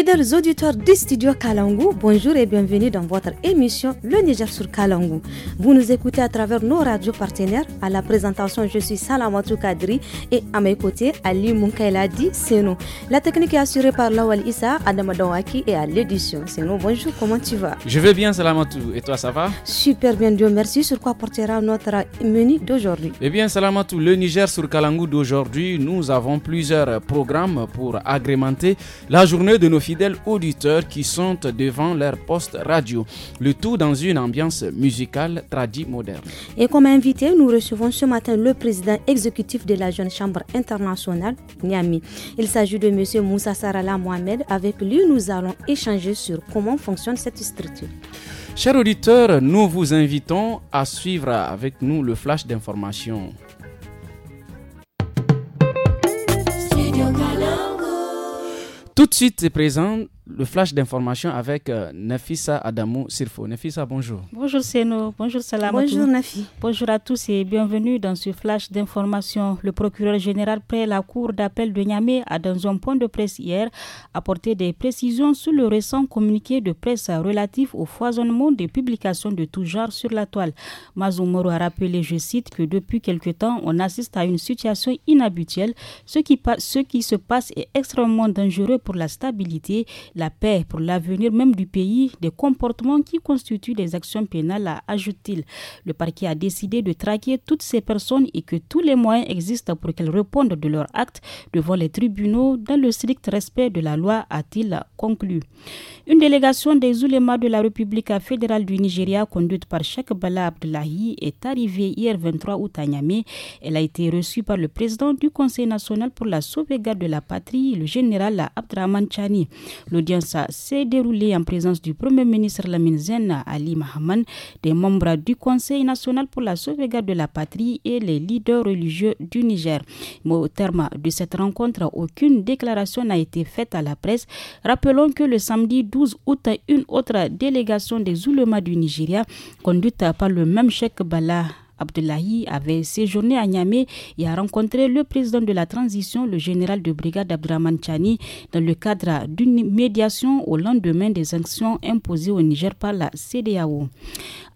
Fidèles auditeurs du studio Kalangou, bonjour et bienvenue dans votre émission Le Niger sur Kalangou. Vous nous écoutez à travers nos radios partenaires. À la présentation, je suis Salamatou Kadri et à mes côtés, Ali Di Seno. La technique est assurée par Lawal Issa, Adam Adonwaki et à l'édition. Seno, bonjour, comment tu vas Je vais bien, Salamatou. Et toi, ça va Super bien, Dieu merci. Sur quoi portera notre menu d'aujourd'hui Eh bien, Salamatou, le Niger sur Kalangou d'aujourd'hui, nous avons plusieurs programmes pour agrémenter la journée de nos fidèles auditeurs qui sont devant leur poste radio. Le tout dans une ambiance musicale tradie moderne. Et comme invité, nous recevons ce matin le président exécutif de la Jeune Chambre internationale, Niami. Il s'agit de monsieur Moussa Sarala Mohamed. Avec lui, nous allons échanger sur comment fonctionne cette structure. Chers auditeurs, nous vous invitons à suivre avec nous le flash d'information Tout de suite, c'est présent le flash d'information avec Nefisa euh, Nafisa Adamou Sirfo. Nafisa, bonjour. Bonjour Seno, bonjour Salamatou. Bonjour Nafi. Bonjour à tous et bienvenue dans ce flash d'information. Le procureur général près la cour d'appel de Niamey a dans un point de presse hier apporté des précisions sur le récent communiqué de presse relatif au foisonnement des publications de tout genre sur la toile. Mazumoro a rappelé, je cite, que depuis quelque temps, on assiste à une situation inhabituelle. ce qui se passe est extrêmement dangereux pour la stabilité, la paix pour l'avenir même du pays des comportements qui constituent des actions pénales, ajoute-t-il. Le parquet a décidé de traquer toutes ces personnes et que tous les moyens existent pour qu'elles répondent de leurs actes devant les tribunaux dans le strict respect de la loi, a-t-il conclu. Une délégation des oulémas de la République fédérale du Nigeria, conduite par Sheikh Bala Abdullahi, est arrivée hier 23 août à Niamey. Elle a été reçue par le président du Conseil national pour la sauvegarde de la patrie, le général Abdraman Chani. Le ça s'est déroulée en présence du Premier ministre Lamine Zen Ali Mahaman, des membres du Conseil national pour la sauvegarde de la patrie et les leaders religieux du Niger. Mais au terme de cette rencontre, aucune déclaration n'a été faite à la presse. Rappelons que le samedi 12 août, une autre délégation des Oulema du Nigeria, conduite par le même Cheikh Bala Abdullahi avait séjourné à Niamey et a rencontré le président de la transition, le général de brigade Abdraman Chani, dans le cadre d'une médiation au lendemain des sanctions imposées au Niger par la CDAO.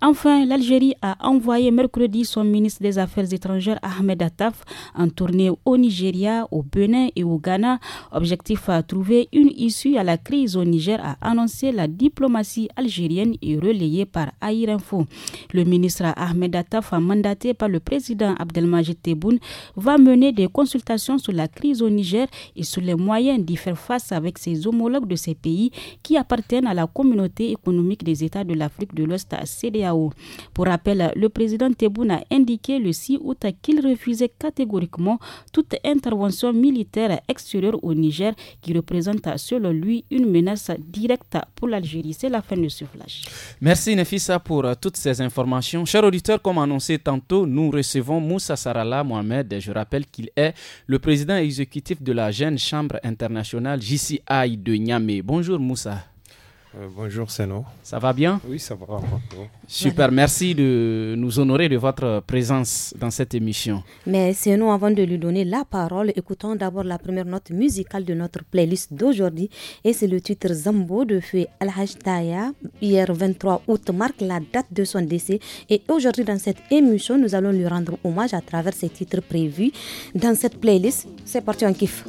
Enfin, l'Algérie a envoyé mercredi son ministre des Affaires étrangères Ahmed Attaf en tournée au Nigeria, au Benin et au Ghana. Objectif à trouver une issue à la crise au Niger, a annoncé la diplomatie algérienne et relayée par Air Info. Le ministre Ahmed Attaf a mandaté par le président Abdelmajid Tebboune, va mener des consultations sur la crise au Niger et sur les moyens d'y faire face avec ses homologues de ces pays qui appartiennent à la communauté économique des États de l'Afrique de l'Ouest, CDAO. Pour rappel, le président Tebboune a indiqué le 6 août qu'il refusait catégoriquement toute intervention militaire extérieure au Niger qui représente selon lui une menace directe pour l'Algérie. C'est la fin de ce flash. Merci Nefissa pour toutes ces informations. Chers auditeurs, comme annoncé tantôt, nous recevons Moussa Sarala Mohamed. Je rappelle qu'il est le président exécutif de la Jeune Chambre internationale JCI de Niamey. Bonjour Moussa. Euh, bonjour, bonjour nous. Ça va bien Oui, ça va. Super, merci de nous honorer de votre présence dans cette émission. Mais c'est nous, avant de lui donner la parole, écoutons d'abord la première note musicale de notre playlist d'aujourd'hui. Et c'est le titre Zambo de Feu al Taya. Hier 23 août marque la date de son décès. Et aujourd'hui, dans cette émission, nous allons lui rendre hommage à travers ces titres prévus dans cette playlist. C'est parti, on kiffe.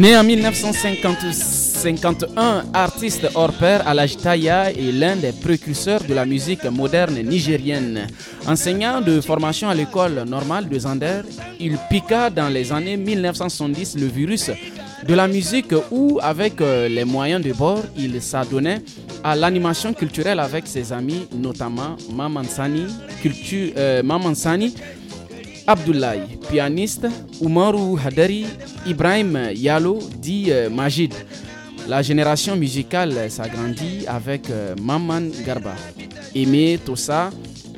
Né en 1951, artiste hors pair, Alajtaya est l'un des précurseurs de la musique moderne nigérienne. Enseignant de formation à l'école normale de Zander, il piqua dans les années 1970 le virus de la musique où, avec euh, les moyens de bord, il s'adonnait à l'animation culturelle avec ses amis, notamment culture, Mamansani euh, Abdoulaye, pianiste, Oumarou Hadari, Ibrahim Yalo, dit euh, Majid. La génération musicale s'agrandit avec euh, Maman Garba, Aimé Tossa,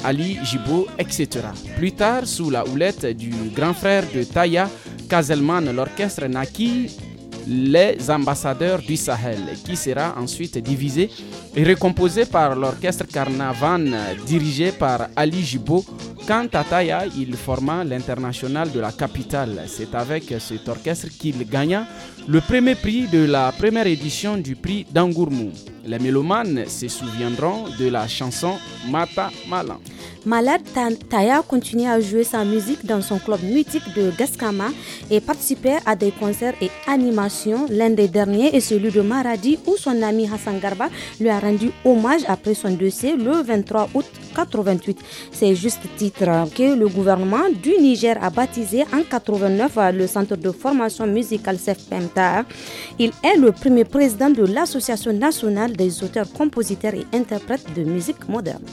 Ali Jibo, etc. Plus tard, sous la houlette du grand frère de Taya, Kazelman, l'orchestre naquit les ambassadeurs du Sahel, qui sera ensuite divisé recomposé par l'orchestre Carnavan dirigé par Ali Jibo. Quant à il forma l'international de la capitale. C'est avec cet orchestre qu'il gagna le premier prix de la première édition du prix d'Angourmou. Les mélomanes se souviendront de la chanson Mata Malan. Malad Taya continue à jouer sa musique dans son club mythique de Gaskama et participer à des concerts et animations. L'un des derniers est celui de Maradi où son ami Hassan Garba lui a rendu hommage après son décès le 23 août 88. C'est juste titre que le gouvernement du Niger a baptisé en 89 le centre de formation musicale PEMTA. Il est le premier président de l'Association nationale des auteurs, compositeurs et interprètes de musique moderne.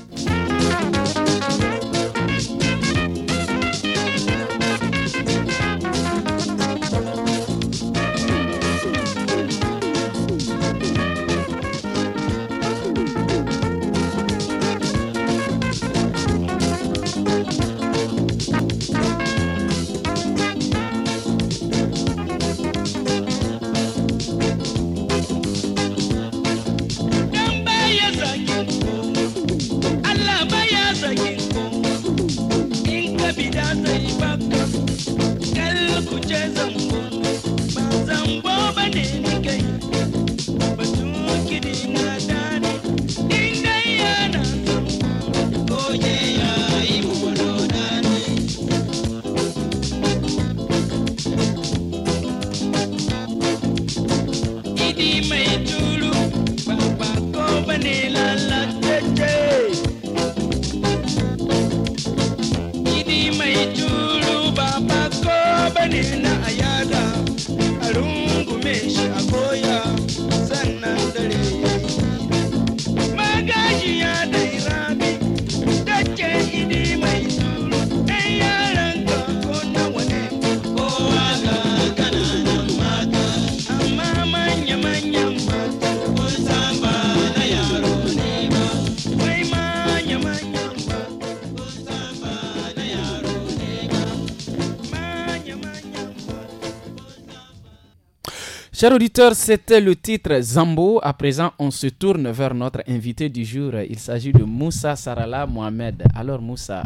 Chers auditeurs, c'était le titre Zambo. À présent, on se tourne vers notre invité du jour. Il s'agit de Moussa Sarala Mohamed. Alors Moussa,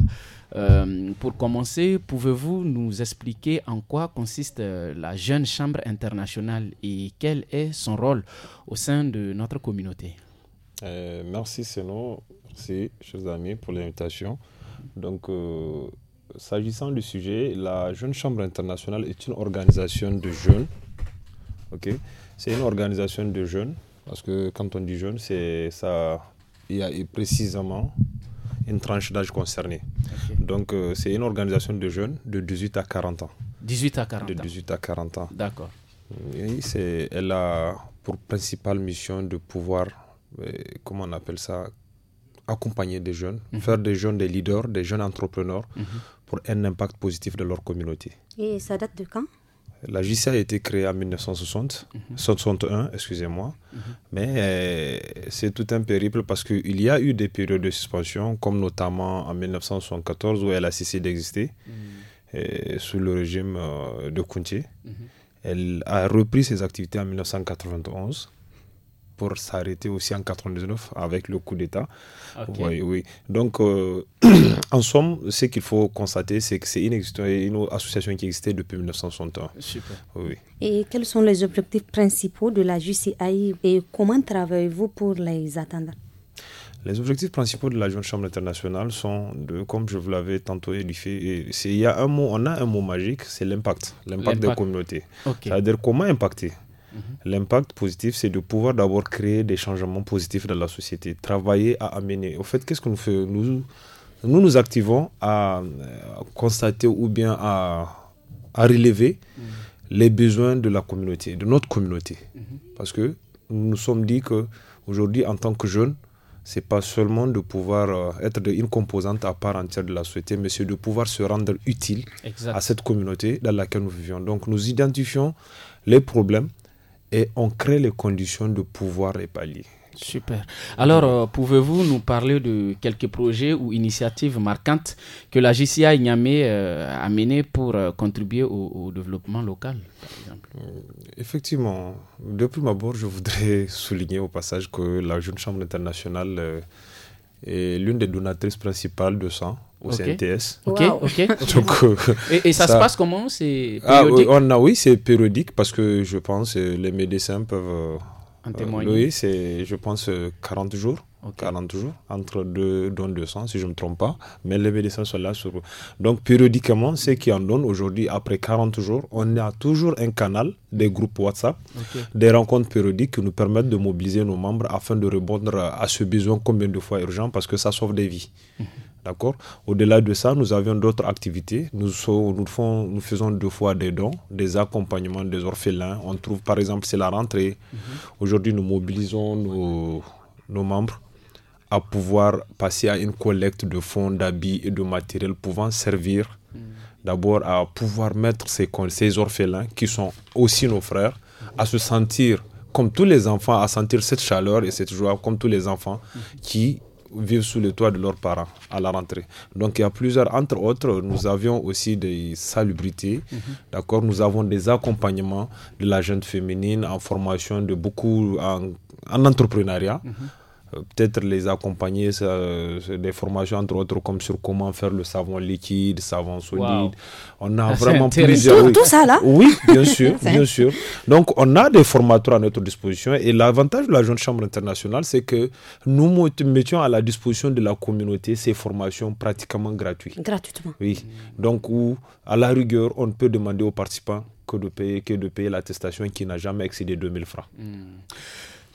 euh, pour commencer, pouvez-vous nous expliquer en quoi consiste euh, la Jeune Chambre internationale et quel est son rôle au sein de notre communauté euh, Merci Seno, merci chers amis pour l'invitation. Donc, s'agissant du sujet, la Jeune Chambre internationale est une organisation de jeunes c'est une organisation de jeunes, parce que quand on dit jeunes, c'est ça, il y a précisément une tranche d'âge concernée. Donc euh, c'est une organisation de jeunes de 18 à 40 ans. 18 à 40 ans. De 18 à 40 ans. D'accord. elle a pour principale mission de pouvoir, euh, comment on appelle ça, accompagner des jeunes, mhm. faire des jeunes des leaders, des jeunes entrepreneurs mhm. pour un impact positif de leur communauté. Et ça date de quand la JCA a été créée en 1960, mhm. excusez-moi, mhm. mais euh, c'est tout un périple parce qu'il y a eu des périodes de suspension, comme notamment en 1974 où elle a cessé d'exister mhm. euh, sous le régime euh, de Contier. Elle a repris ses activités en 1991 s'arrêter aussi en 99 avec le coup d'État. Oui, Donc, euh, en somme, ce qu'il faut constater, c'est que c'est une, association qui existait depuis 1961. Super. Et quels sont les objectifs principaux de la JCI et comment travaillez-vous pour les attendre les objectifs principaux de la Jeune Chambre internationale sont, de, comme je vous l'avais tantôt édifié, il y a un mot, on a un mot magique, c'est l'impact, l'impact des communautés. C'est-à-dire comment impacter Mhm. L'impact positif, c'est de pouvoir d'abord créer des changements positifs dans la société, travailler à amener. Au fait, qu'est-ce que nous faisons nous, nous nous activons à, euh, constater ou bien à, à relever mhm. les besoins de la communauté, de notre communauté. Mhm. Parce que nous nous sommes dit que aujourd'hui, en tant que jeunes, c'est pas seulement de pouvoir euh, être une composante à part entière de la société, mais c'est de pouvoir se rendre utile à cette communauté dans laquelle nous vivions. Donc nous identifions les problèmes, et on crée les conditions de pouvoir les pallier. Super. Alors, euh, pouvez-vous nous parler de quelques projets ou initiatives marquantes que la JCI Niamey euh, a menées pour euh, contribuer au, développement local, par exemple Effectivement. Depuis ma bord, je voudrais souligner au passage que la Jeune Chambre internationale et l'une des donatrices principales de sang au CNTS. Ok, ok. Euh, et, ça, se passe comment C'est ah, euh, périodique ah, Oui, c'est périodique parce que je pense que euh, les médecins peuvent... En témoigner. oui, c'est, je pense, 40 jours. 40 jours, entre deux dons de si je ne me trompe pas. Mais les médecins sont là. Sur... Donc, périodiquement, ceux qui en donnent aujourd'hui, après 40 jours, on a toujours un canal, des groupes WhatsApp, des rencontres périodiques qui nous permettent de mobiliser nos membres afin de répondre à ce besoin combien de fois urgent, parce que ça sauve des vies. Mhm. D'accord Au-delà de ça, nous avions d'autres activités. Nous, nous, font, nous, faisons deux fois des dons, des accompagnements des orphelins. On trouve, par exemple, c'est la rentrée. Mhm. Aujourd'hui, nous mobilisons nos, nos membres à pouvoir passer à une collecte de fonds, d'habits et de matériel pouvant servir mm. d'abord à pouvoir mettre ces, ces orphelins, qui sont aussi nos frères, à se sentir comme tous les enfants, à sentir cette chaleur et cette joie, comme tous les enfants mm. qui vivent sous le toit de leurs parents à la rentrée. Donc il y a plusieurs, entre autres, nous avions aussi des salubrités, mm-hmm. d'accord, nous avons des accompagnements de la jeune féminine en formation de beaucoup en, entrepreneuriat. Mm-hmm. Euh, peut-être les accompagner des formations entre autres comme sur comment faire le savon liquide, savon solide. On a vraiment plusieurs. Tout, ça là Oui, bien sûr, bien sûr. Donc on a des formateurs à notre disposition et l'avantage de la Jeune Chambre internationale, c'est que nous mettions à la disposition de la communauté ces formations pratiquement gratuites. Gratuitement. Oui. Donc où à la rigueur, on peut demander aux participants que de payer que de payer l'attestation qui n'a jamais excédé 2000 francs. Hmm.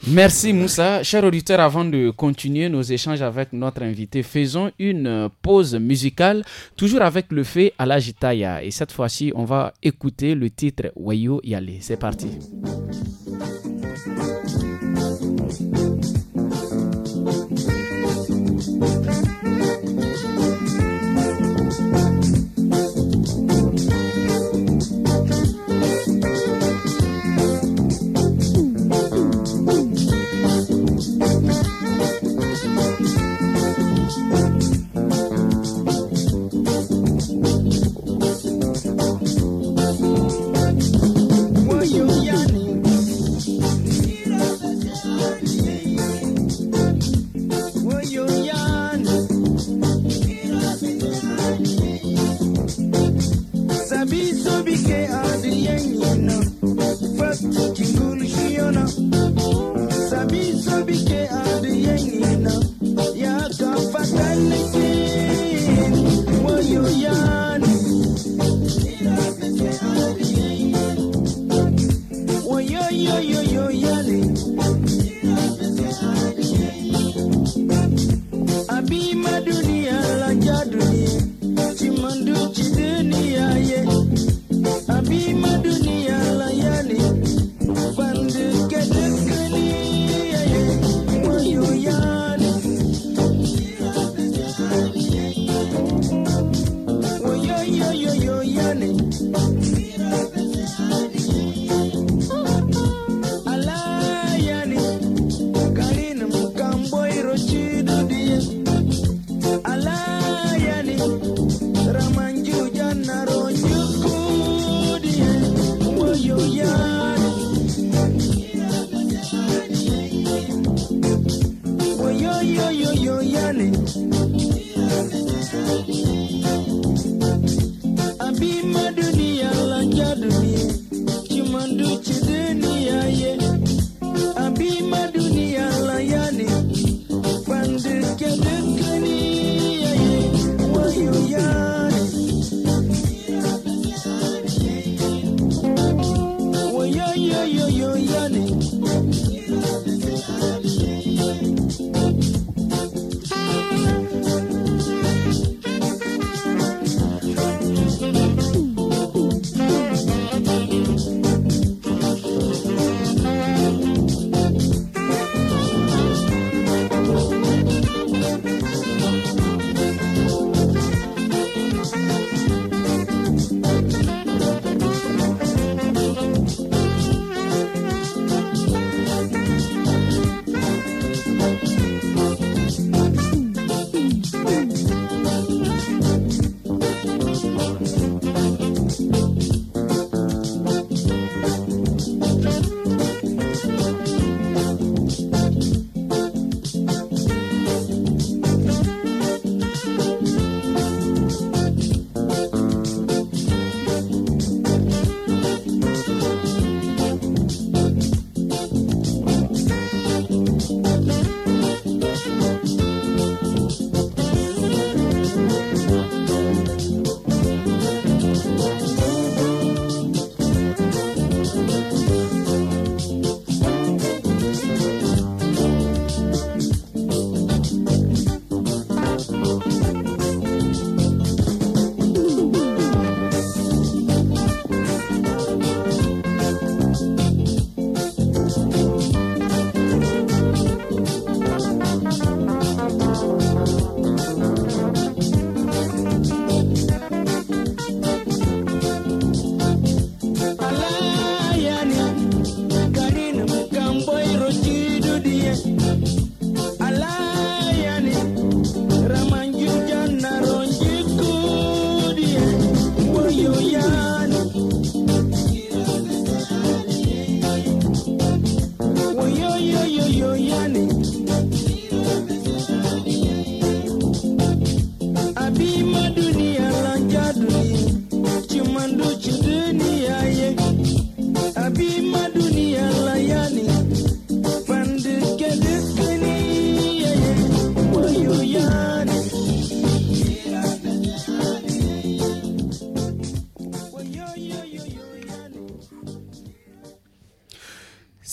Merci Moussa. Chers auditeurs, avant de continuer nos échanges avec notre invité, faisons une euh, pause musicale, toujours avec le fait à la Jitaya. Et cette fois-ci, on va écouter le titre Wayo Yale. C'est parti. Abi madunia lanja dunia Cimandu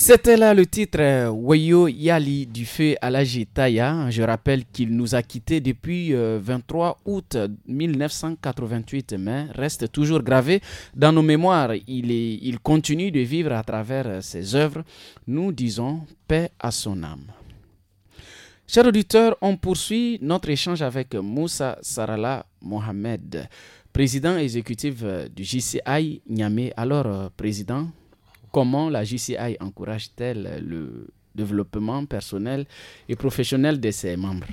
C'était là le titre euh, Wayo Yali du feu la Jitaya ». Je rappelle qu'il nous a quittés depuis 23 euh, août 1988, mais reste toujours gravé dans nos mémoires. Il, il continue de vivre à travers euh, ses œuvres. Nous disons paix à son âme. Chers auditeurs, on poursuit notre échange avec Moussa Sarala Mohamed, président exécutif du JCI Niamey. Alors, président, comment la GCI encourage-t-elle le développement personnel et professionnel de ses membres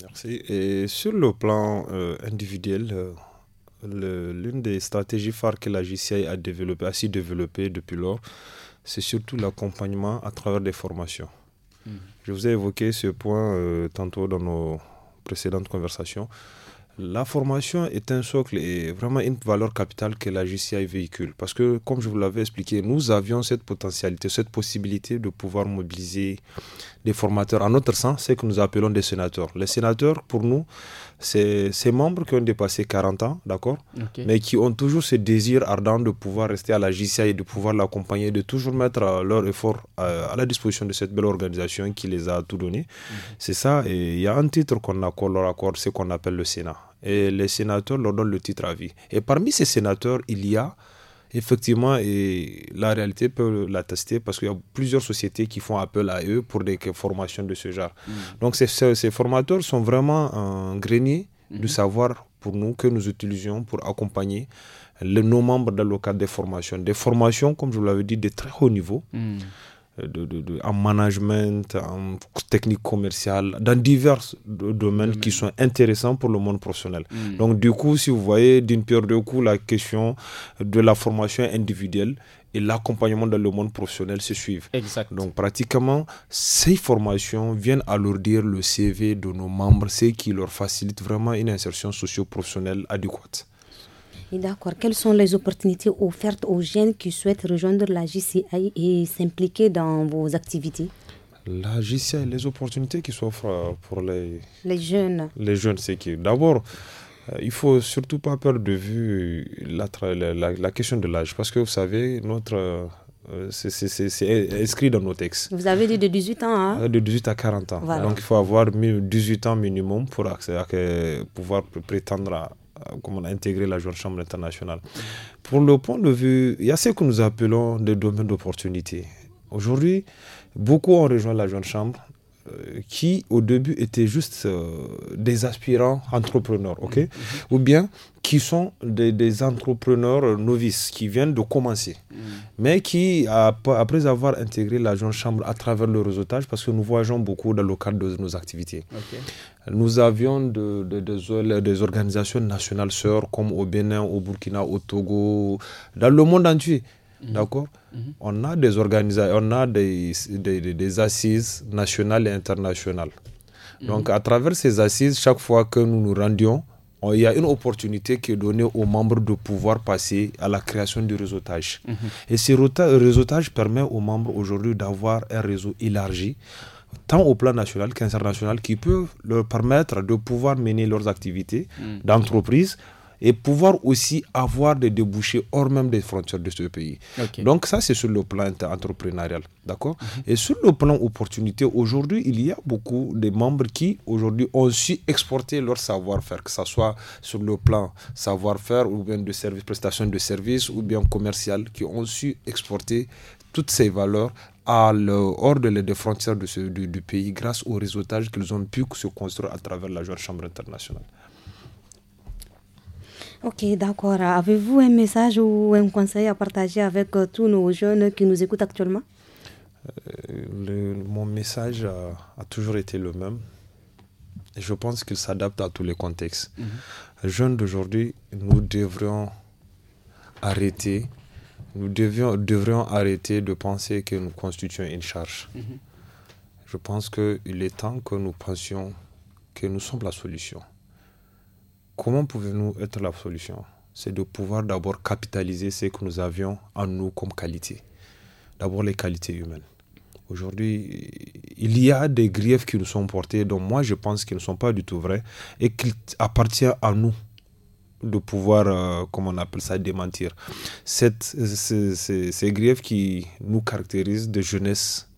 Merci. Et sur le plan euh, individuel, euh, l'une des stratégies phares que la GCI a, développé, a si développer depuis lors, c'est surtout l'accompagnement à travers des formations. Hmm. Je vous ai évoqué ce point euh, tantôt dans nos précédentes conversations. La formation est un socle et vraiment une valeur capitale que la GCI véhicule. Parce que, comme je vous l'avais expliqué, nous avions cette potentialité, cette possibilité de pouvoir mobiliser des formateurs. En notre sens, c'est que nous appelons des sénateurs. Les sénateurs, pour nous, c'est ces membres qui ont dépassé 40 ans, d'accord Mais qui ont toujours ce désir ardent de pouvoir rester à la GCI et de pouvoir l'accompagner, de toujours mettre euh, leur effort euh, à, la disposition de cette belle organisation qui les a tout donné. Mhm. C'est ça. Et il y a un titre qu'on leur accorde, c'est qu'on appelle le Sénat et les sénateurs leur donnent le titre à vie. Et parmi ces sénateurs, il y a effectivement, et la réalité peut l'attester parce qu'il y a plusieurs sociétés qui font appel à eux pour des formations de ce genre. Mm. Donc ces, ces, formateurs sont vraiment un grenier de mm-hmm. savoir pour nous que nous utilisons pour accompagner le, nos membres dans le cadre des formations. Des formations, comme je vous l'avais dit, de très haut niveau. Mm. Euh, en management, en technique commerciale, dans divers domaines qui sont intéressants pour le monde professionnel. Mm. Donc du coup, si vous voyez d'une pierre deux coup, la question de la formation individuelle et l'accompagnement dans le monde professionnel se suivent. Exact. Donc pratiquement, ces formations viennent alourdir le CV de nos membres, ce qui leur facilite vraiment une insertion socio-professionnelle adéquate. D'accord. Quelles sont les opportunités offertes aux jeunes qui souhaitent rejoindre la JCI et s'impliquer dans vos activités La JCI, les opportunités qui s'offrent euh, pour les, les jeunes. Les jeunes, c'est qui d'abord, euh, il ne faut surtout pas perdre de vue la, question de l'âge, parce que vous savez, notre euh, c'est inscrit dans nos textes. Vous avez dit de 18 ans hein? De 18 à 40 ans. Donc il faut avoir 18 ans minimum pour, pour pouvoir prétendre à, euh, Comment on a intégré la jeune Chambre internationale. Pour le point de vue, il y a ce que nous appelons des domaines d'opportunité. Aujourd'hui, beaucoup ont rejoint la jeune Chambre euh, qui au début étaient juste euh, des aspirants entrepreneurs, ok, mm-hmm. ou bien qui sont des, entrepreneurs novices qui viennent de commencer, mm. mais qui après avoir intégré l'agent chambre à travers le réseautage, parce que nous voyageons beaucoup dans le cadre de nos activités. Nous avions de, des organisations nationales sœurs comme au Bénin, au Burkina, au Togo, dans le monde entier. Mhm. D'accord mhm. On a des organisations, on a des, des, assises nationales et internationales. Mhm. Donc, à travers ces assises, chaque fois que nous nous rendions, il y a une opportunité qui est donnée aux membres de pouvoir passer à la création du réseautage. Et ce réseautage permet aux membres aujourd'hui d'avoir un réseau élargi, tant au plan national qu'international, qui peut leur permettre de pouvoir mener leurs activités d'entreprise et pouvoir aussi avoir des débouchés hors même des frontières de ce pays. Donc ça, c'est sur le plan entrepreneurial, d'accord mhm. Et sur le plan opportunité, aujourd'hui, il y a beaucoup de membres qui, aujourd'hui, ont su exporter leur savoir-faire, que ce soit sur le plan savoir-faire ou bien de services, prestation de services ou bien commercial, qui ont su exporter toutes ces valeurs hors de des frontières de ce, du, pays grâce au réseautage qu'ils ont pu se construire à travers la Chambre internationale. Ok, d'accord. Avez-vous un message ou un conseil à partager avec euh, tous nos jeunes qui nous écoutent actuellement euh, Mon message a, toujours été le même. Je pense qu'il s'adapte à tous les contextes. Mhm. Jeunes d'aujourd'hui, nous devrions arrêter nous devions, devrions arrêter de penser que nous constituons une charge. Mhm. Je pense qu'il est temps que nous pensions que nous sommes la solution. Comment pouvons-nous être la solution C'est de pouvoir d'abord capitaliser ce que nous avions en nous comme qualité. D'abord les qualités humaines. Aujourd'hui, il y a des griefs qui nous sont portés, dont moi je pense qu'ils ne sont pas du tout vrais et qu'il appartient à nous de pouvoir, euh, comme on appelle ça, démentir. ces, griefs qui nous caractérisent de jeunesse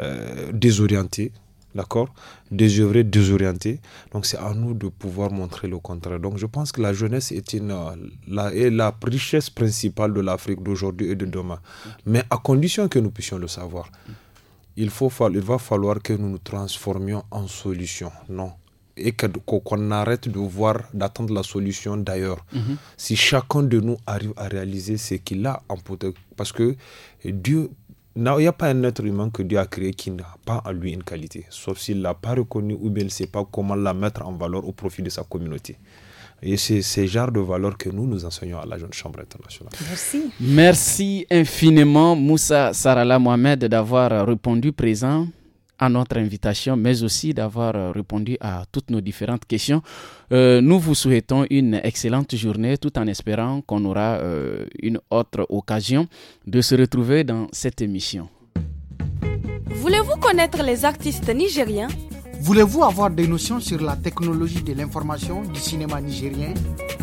euh, désorientée, d'accord désœuvré, désorienté. Donc c'est à nous de pouvoir montrer le contraire. Donc je pense que la jeunesse est, une, euh, la, est la richesse principale de l'Afrique d'aujourd'hui et de demain. Mais à condition que nous puissions le savoir. Il, faut, il va falloir que nous nous transformions en solution, non et qu'on arrête de voir, d'attendre la solution d'ailleurs. Mhm. Si chacun de nous arrive à réaliser ce qu'il a en potentiel, parce que Dieu il n'y a pas un être humain que Dieu a créé qui n'a pas en lui une qualité, sauf s'il ne l'a pas reconnue ou bien il ne sait pas comment la mettre en valeur au profit de sa communauté. Et c'est ce genre de valeur que nous, nous enseignons à la Jeune Chambre internationale. Merci. Merci infiniment, Moussa Sarala Mohamed, d'avoir répondu présent à notre invitation, mais aussi d'avoir euh, répondu à toutes nos différentes questions. Euh, nous vous souhaitons une excellente journée tout en espérant qu'on aura euh, une autre occasion de se retrouver dans cette émission. Voulez-vous connaître les artistes nigériens Voulez-vous avoir des notions sur la technologie de l'information du cinéma nigérien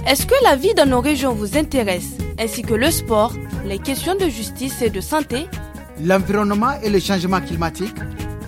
Est-ce que la vie dans nos régions vous intéresse, ainsi que le sport, les questions de justice et de santé L'environnement et le changement climatique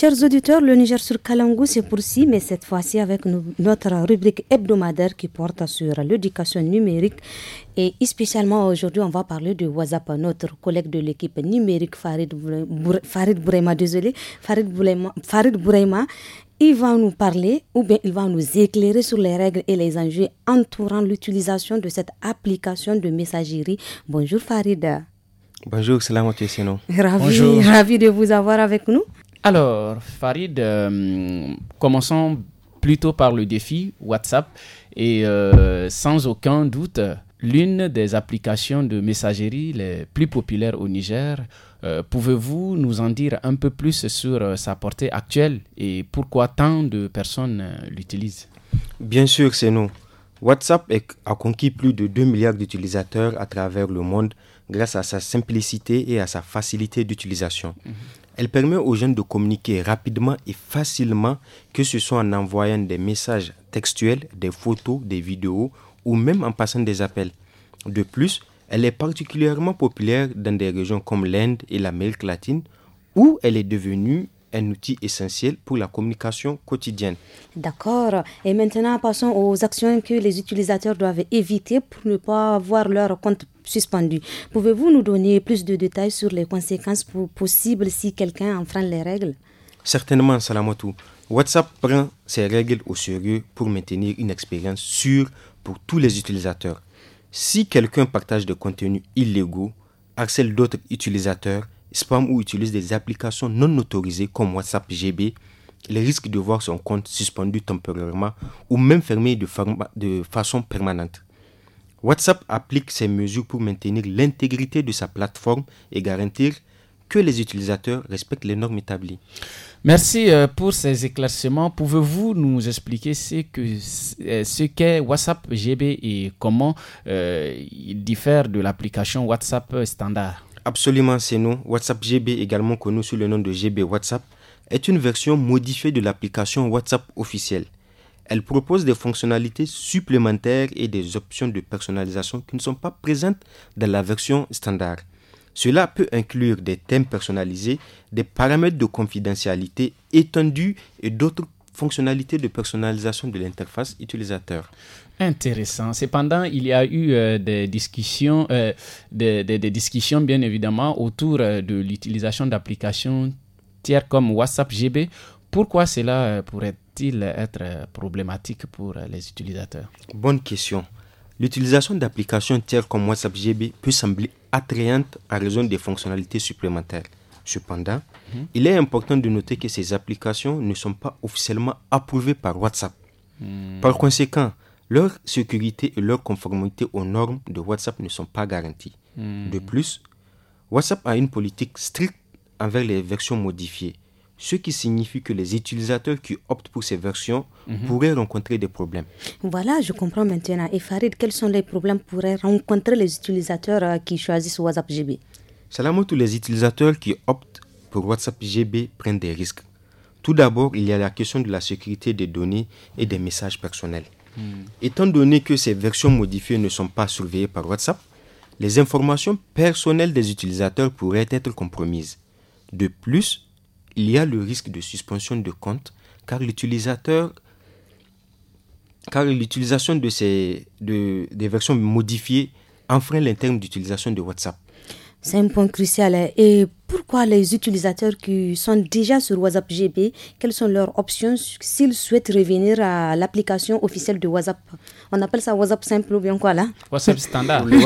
Chers auditeurs, le Niger sur c'est pour si, mais cette fois-ci avec notre rubrique hebdomadaire qui porte sur l'éducation numérique. Et spécialement aujourd'hui, on va parler de WhatsApp. Notre collègue de l'équipe numérique, Farid, Boureima. Farid désolé, Farid Farid il va nous parler ou bien il va nous éclairer sur les règles et les enjeux entourant l'utilisation de cette application de messagerie. Bonjour Farid. Bonjour, c'est Salam Ravi, ravi de vous avoir avec nous. Alors, Farid, euh, commençons plutôt par le défi WhatsApp. Et euh, sans aucun doute, l'une des applications de messagerie les plus populaires au Niger. Euh, pouvez-vous nous en dire un peu plus sur sa portée actuelle et pourquoi tant de personnes l'utilisent Bien sûr, c'est nous. WhatsApp a conquis plus de 2 milliards d'utilisateurs à travers le monde grâce à sa simplicité et à sa facilité d'utilisation. Mhm. Elle permet aux jeunes de communiquer rapidement et facilement, que ce soit en envoyant des messages textuels, des photos, des vidéos ou même en passant des appels. De plus, elle est particulièrement populaire dans des régions comme l'Inde et l'Amérique latine, où elle est devenue un outil essentiel pour la communication quotidienne. D'accord. Et maintenant, passons aux actions que les utilisateurs doivent éviter pour ne pas avoir leur compte suspendu. Pouvez-vous nous donner plus de détails sur les conséquences possibles si quelqu'un enfreint les règles Certainement, Salamatou. WhatsApp prend ses règles au sérieux pour maintenir une expérience sûre pour tous les utilisateurs. Si quelqu'un partage des contenus illégaux, harcèle d'autres utilisateurs, spam ou utilise des applications non autorisées comme WhatsApp GB, il risque de voir son compte suspendu temporairement ou même fermé de façon permanente. WhatsApp applique ces mesures pour maintenir l'intégrité de sa plateforme et garantir que les utilisateurs respectent les normes établies. Merci euh, pour ces éclaircissements. Pouvez-vous nous expliquer ce euh, qu'est WhatsApp GB et comment euh, il diffère de l'application WhatsApp standard Absolument, c'est nous. WhatsApp GB, également connu sous le nom de GB WhatsApp, est une version modifiée de l'application WhatsApp officielle. Elle propose des fonctionnalités supplémentaires et des options de personnalisation qui ne sont pas présentes dans la version standard. Cela peut inclure des thèmes personnalisés, des paramètres de confidentialité étendus et d'autres fonctionnalités de personnalisation de l'interface utilisateur. Intéressant. Cependant, il y a eu euh, des discussions, euh, des, discussions bien évidemment autour euh, de l'utilisation d'applications tiers comme WhatsApp GB pourquoi cela pourrait-il être problématique pour les utilisateurs Bonne question. L'utilisation d'applications telles comme WhatsApp GB peut sembler attrayante en raison des fonctionnalités supplémentaires. Cependant, mhm. il est important de noter que ces applications ne sont pas officiellement approuvées par WhatsApp. Hmm. Par conséquent, leur sécurité et leur conformité aux normes de WhatsApp ne sont pas garanties. Hmm. De plus, WhatsApp a une politique stricte envers les versions modifiées ce qui signifie que les utilisateurs qui optent pour ces versions mhm. pourraient rencontrer des problèmes. Voilà, je comprends maintenant. Et Farid, quels sont les problèmes pourraient rencontrer les utilisateurs euh, qui choisissent WhatsApp GB Salam tous les utilisateurs qui optent pour WhatsApp GB prennent des risques. Tout d'abord, il y a la question de la sécurité des données et des messages personnels. Hmm. Étant donné que ces versions modifiées ne sont pas surveillées par WhatsApp, les informations personnelles des utilisateurs pourraient être compromises. De plus, il y a le risque de suspension de compte car l'utilisateur car l'utilisation de ces des versions modifiées enfreint les termes d'utilisation de WhatsApp. C'est un point crucial. Hein. Et pourquoi les utilisateurs qui sont déjà sur WhatsApp GB, quelles sont leurs options s'ils souhaitent revenir à l'application officielle de WhatsApp On appelle ça WhatsApp simple ou bien quoi là WhatsApp standard. le,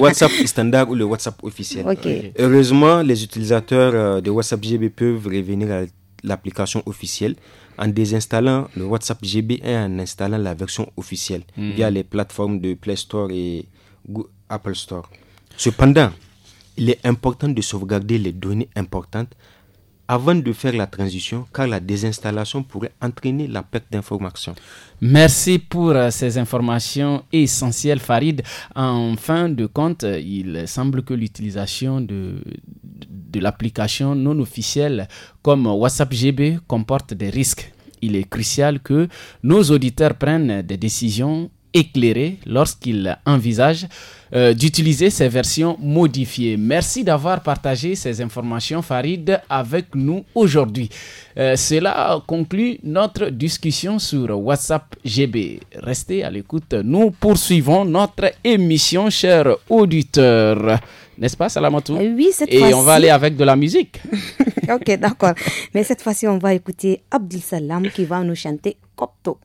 WhatsApp standard ou le WhatsApp officiel. Heureusement, les utilisateurs euh, de WhatsApp GB peuvent revenir à l'application officielle en désinstallant le WhatsApp GB et en installant la version officielle hmm. via les plateformes de Play Store et Apple Store. Cependant, il est important de sauvegarder les données importantes avant de faire la transition, car la désinstallation pourrait entraîner la perte d'informations. Merci pour euh, ces informations essentielles, Farid. En fin de compte, il semble que l'utilisation de, l'application non officielle comme WhatsApp GB comporte des risques. Il est crucial que nos auditeurs prennent des décisions éclairé lorsqu'il envisage euh, d'utiliser ces versions modifiées. Merci d'avoir partagé ces informations, Farid, avec nous aujourd'hui. Euh, cela conclut notre discussion sur WhatsApp GB. Restez à l'écoute. Nous poursuivons notre émission, chers auditeurs. N'est-ce pas, Salamatou euh, Oui, cette fois Et on va aller avec de la musique. ok, d'accord. Mais cette fois-ci, on va écouter Abdul Salam qui va nous chanter Copto.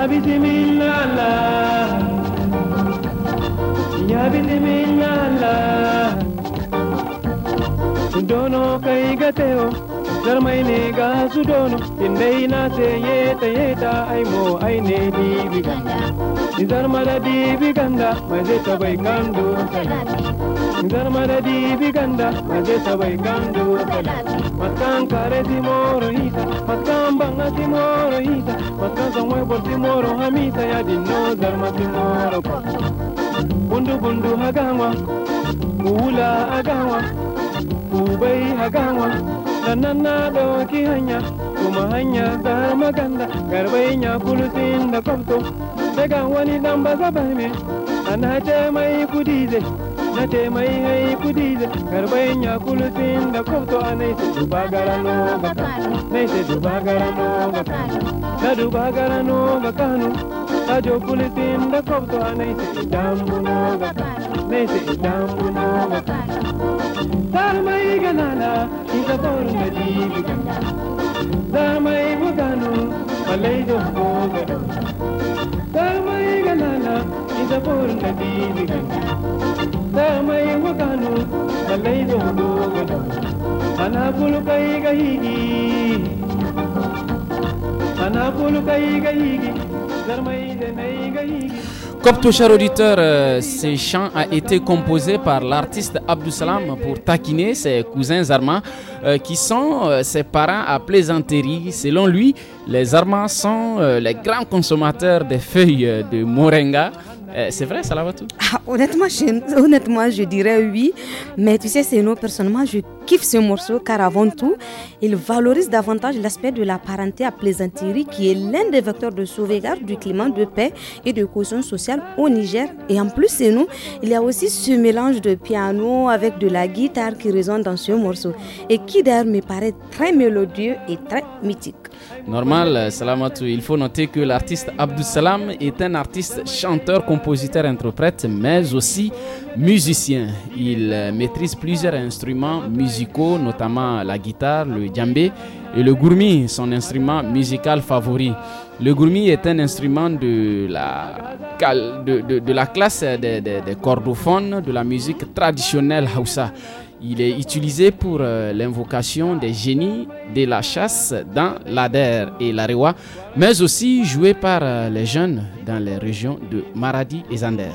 يا بسم الله الله يا بسم الله الله dono kai gateo zarmai ne ga su dono indai na se yeta yeta ai mo ai ne di biganda zarmara di biganda mai zai tabai kandu kalami ndarmada dibi ganda maje sabai kandurkala makan kare timoro hita makan banga timoro hita makan zongwai bol timoro hamita ya dinno darma timoro ko bundu bundu hagangwa kula agangwa kubai hagangwa nananna doki hanya kuma hanya darma ganda garbai nya kulutin da kwamto daga wani damba zabame anaje mai kudize nate mai hai kudile garbainya kulutin da kofto ane dubagara no bakano nate dubagara no bakano da dubagara no bakano da jo kulutin da kofto ane dambu no bakano nate dambu no bakano dar mai ganana kita tor na dibi ganana dar mai bukano malai jo bukano dar mai ganana kita tor na dibi ganana Comme tout cher auditeur, euh, ce chant a été composé par l'artiste Abdou Salam pour taquiner ses cousins Zarma, euh, qui sont euh, ses parents à plaisanterie. Selon lui, les Zarma sont les grands consommateurs des feuilles de moringa. Euh, c'est vrai, ça va tout ah, honnêtement, je, honnêtement, je dirais oui. Mais tu sais, c'est nous, personnellement, je kiffe ce morceau car avant tout, il valorise davantage l'aspect de la parenté à plaisanterie qui est l'un des vecteurs de sauvegarde du climat de paix et de cohésion sociale au Niger. Et en plus, c'est nous, il y a aussi ce mélange de piano avec de la guitare qui résonne dans ce morceau et qui d'ailleurs me paraît très mélodieux et très mythique. Normal, euh, Salamatu. Il faut noter que l'artiste Abdou Salam est un artiste chanteur, compositeur, interprète, mais aussi musicien. Il euh, maîtrise plusieurs instruments musicaux, notamment la guitare, le djembé et le gourmi, son instrument musical favori. Le gourmi est un instrument de la, de, la classe des, cordophones de la musique traditionnelle haoussa. Il est utilisé pour euh, l'invocation des génies de la chasse dans l'Ader et l'Arewa, mais aussi joué par euh, les jeunes dans les régions de Maradi et Zander.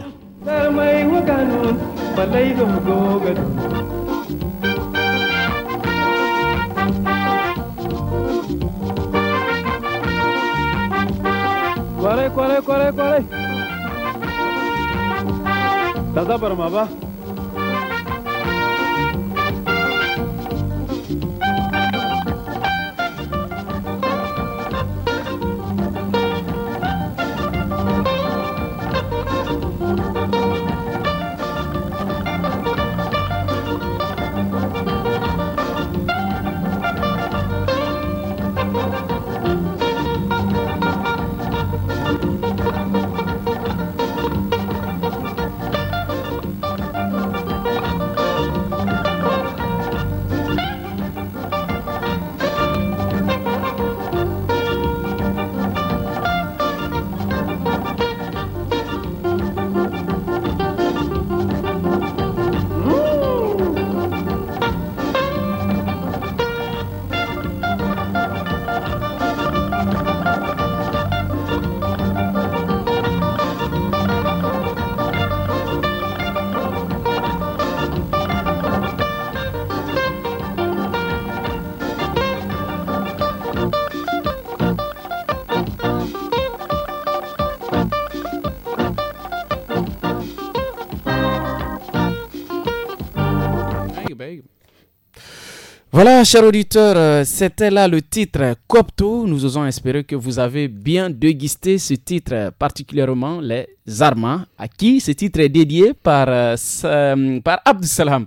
Voilà, chers auditeurs, euh, c'était là le titre euh, Copto. Nous osons espérer que vous avez bien dégusté ce titre, euh, particulièrement les Armas, à qui ce titre est dédié par, par Salam. Abdusalam.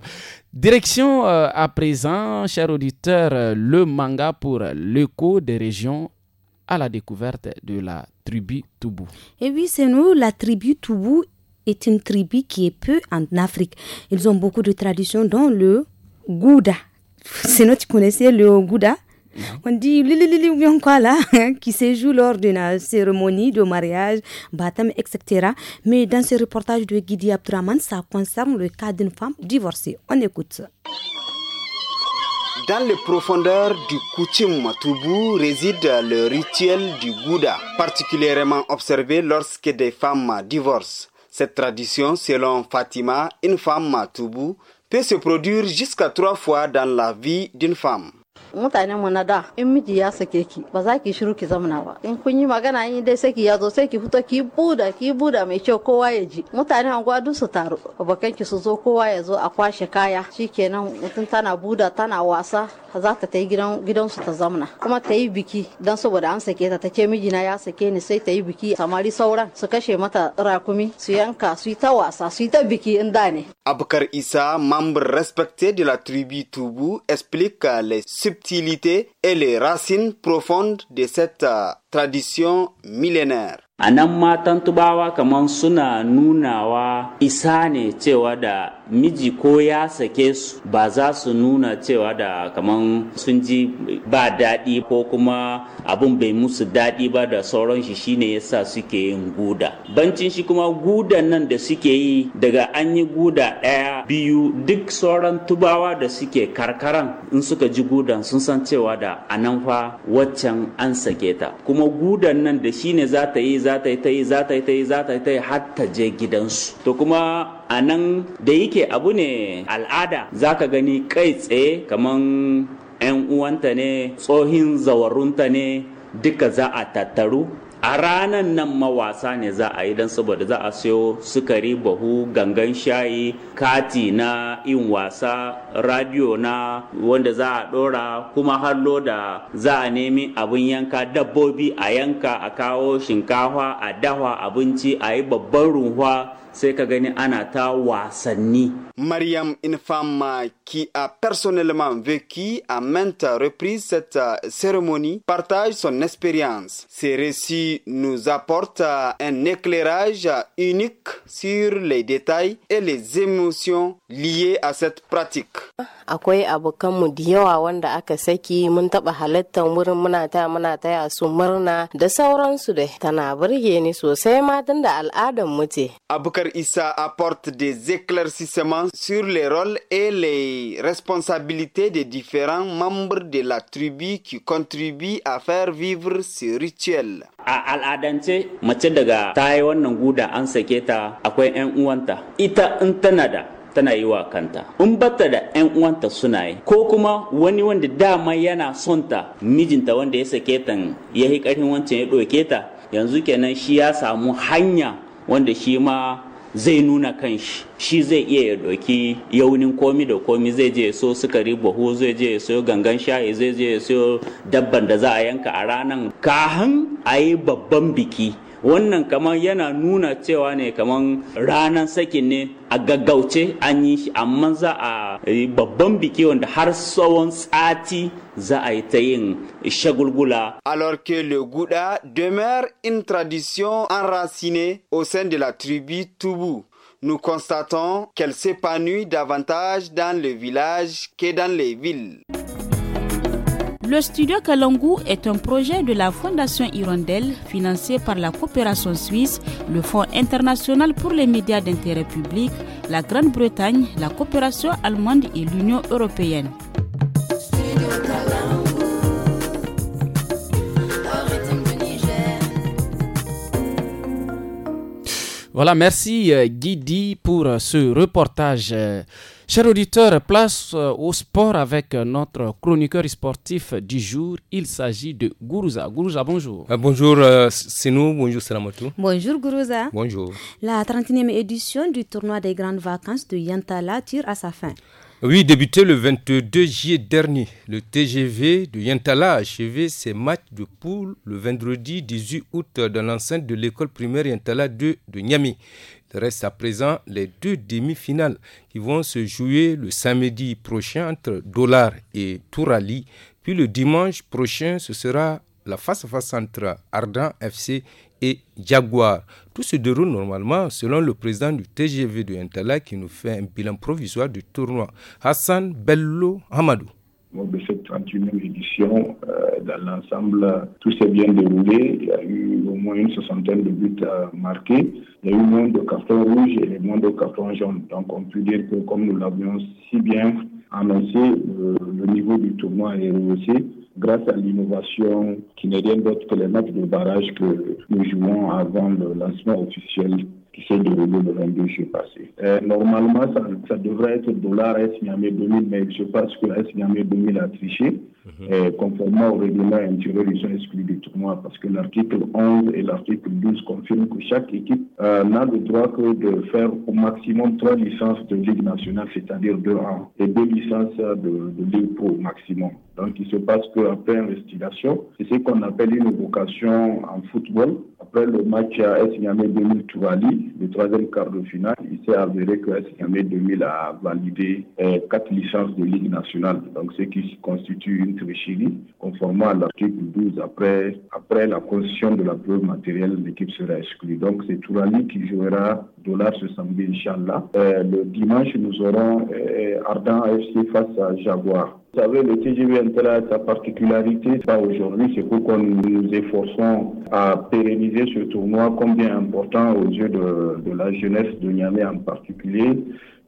Direction à présent, chers auditeurs, le manga pour l'écho des régions à la découverte de la tribu Toubou. Et oui, c'est nous, la tribu Toubou est une tribu qui est peu en Afrique. Ils ont beaucoup de traditions, dont le Gouda c'est tu connaissais le Gouda. Mhm. On dit lili ou quoi qui se joue lors d'une cérémonie de mariage, baptême, etc. Mais dans ce reportage de Guidi Abdurrahman, ça concerne le cas d'une femme divorcée. On écoute. Dans les profondeurs du coutume Matubu réside le rituel du Gouda, particulièrement observé lorsque des femmes divorcent. Cette tradition, selon Fatima, une femme Matubu, peut se produire jusqu'à trois fois dans la vie d'une femme. mutanen mu na da in miji ya sake ki ba za ki shiru ki zamna ba in kun yi magana yin dai sai ki yazo sai ki fito ki buda ki buda mai kyau kowa ya ji mutanen anguwa duk su taru abokan ki su zo kowa ya zo a kwashe kaya shikenan mutum tana buda tana wasa za ta ta yi gidansu ta zamana kuma ta yi biki don saboda an sake ta ta ce mijina ya sake ni sai ta yi biki samari sauran su kashe mata rakumi su yanka su yi ta wasa su yi ta biki in da ne. Abukar Isa, mambar respecté de la tribu Tubu, explique les et les racines profondes de cette euh, tradition millénaire. Anamma tantubawa matan tubawa suna nunawa isa ne cewa da miji ko ya sake su ba za su nuna cewa da kaman sun ji ba daɗi ko kuma abun bai musu daɗi ba da sauran shi shine ya sa suke yin guda bancin shi kuma gudan nan da suke yi daga an yi guda ɗaya biyu duk sauran tubawa da suke karkaran in suka ji gudan sun san cewa da anan fa waccan an sake ta kuma gudan nan da shine za ta yi za ta yi ta yi za ta yi ta yi za ta yi har ta je gidansu to kuma a nan da yake abu ne al'ada za ka gani kai tsaye kamar 'yan uwanta ne tsohin zawarunta ne duka za a tattaru a ranan nan mawasa ne za a yi don saboda za a siyo sukari bahu gangan shayi kati na yin wasa radio na wanda za a dora kuma hallo da za a nemi abin yanka dabbobi a yanka a kawo shinkafa a dawa abinci a yi babban ruhuwa sai ka gani ana ta wasanni. Maryam Infama qui a personnellement vécu à maintes reprises cette euh, cérémonie, partage son expérience. Ces récits nous apportent euh, un éclairage unique sur les détails et les émotions liées à cette pratique. akwai Isa apporte des éclaircissements sur les rôles et les Responsabilite responsabilités des différents membres de la tribu qui contribuent à faire vivre ce rituel. a al'adance mace daga ta yi wannan guda an sake ta akwai 'yan uwanta ita in tana da tana yi wa kanta in bata da 'yan uwanta suna yi ko kuma wani wanda dama yana son ta mijinta wanda ya sake ta ya yi karfin wancan ya ɗauke ta yanzu kenan shi ya samu hanya wanda shi ma zai nuna kan shi shi zai iya ya doki yaunin komi da komi zai je so sukari buhu zai je so gangan shayi zai je so dabban da za a yanka a ranan kahan a yi babban biki wannan kamar yana nuna cewa ne kamar ranar sakin ne a gaggauce an yi shi amma za a babban biki wanda har tsawon tsati za a yi ta yin shagulgula. Alors que le gouda demeure une tradition enracinée au sein de la tribu Tubu. nous constatons qu'elle s'épanouit davantage dans le village que dans les villes. Le studio Kalangu est un projet de la Fondation Hirondelle financé par la coopération suisse, le Fonds international pour les médias d'intérêt public, la Grande-Bretagne, la coopération allemande et l'Union européenne. Voilà, merci euh, Guidi pour euh, ce reportage. Euh, Chers auditeurs, place euh, au sport avec euh, notre chroniqueur sportif du jour. Il s'agit de Gourouza. Gourouza, bonjour. Euh, bonjour, c'est nous. Bonjour, Salamatou. Bonjour, Gourouza. Bonjour. La 31e édition du tournoi des grandes vacances de Yantala tire à sa fin. Oui, débuté le 22 juillet dernier, le TGV de Yantala a achevé ses matchs de poule le vendredi 18 août dans l'enceinte de l'école primaire Yantala 2 de Niami. Reste à présent les deux demi-finales qui vont se jouer le samedi prochain entre Dollar et Tourali. Puis le dimanche prochain, ce sera la face-à-face entre Ardan FC et Jaguar. Tout se déroule normalement selon le président du TGV de Intala qui nous fait un bilan provisoire du tournoi, Hassan Bello Hamadou de cette 31e édition, euh, dans l'ensemble, tout s'est bien déroulé. Il y a eu au moins une soixantaine de buts à marqués. Il y a eu moins de cartons rouges et moins de cartons jaunes. Donc, on peut dire que, comme nous l'avions si bien annoncé, euh, le niveau du tournoi est rehaussé grâce à l'innovation qui n'est rien d'autre que les matchs de barrage que nous jouons avant le lancement officiel qui s'est déroulé le 22 juillet passé. Euh, normalement, ça, devrait être dollar S 2000, e mais je pense que S 2000 e a triché. Euh, conformément au règlement intérieur, ils sont exclus du tournoi parce que l'article 11 et l'article 12 confirment que chaque équipe euh, n'a le droit que de faire au maximum trois licences de Ligue nationale, c'est-à-dire deux ans, et deux licences euh, de, de Ligue pro au maximum. Donc, il se passe qu'après investigation, c'est ce qu'on appelle une vocation en football. Après le match à 2000 Tourali, le troisième quart de finale, il s'est avéré que Esniamé 2000 a validé quatre licences de Ligue nationale. Donc, ce qui constitue Chili, conformément à l'article 12, après, après la concession de la preuve matérielle, l'équipe sera exclue. Donc c'est Tourali qui jouera dollar ce samedi, Inch'Allah. Euh, le dimanche, nous aurons euh, Ardan AFC face à Jaguar. Vous savez, le TGV a sa particularité, aujourd'hui, c'est pourquoi nous nous efforçons à pérenniser ce tournoi combien important aux yeux de, la jeunesse de Niamey en particulier,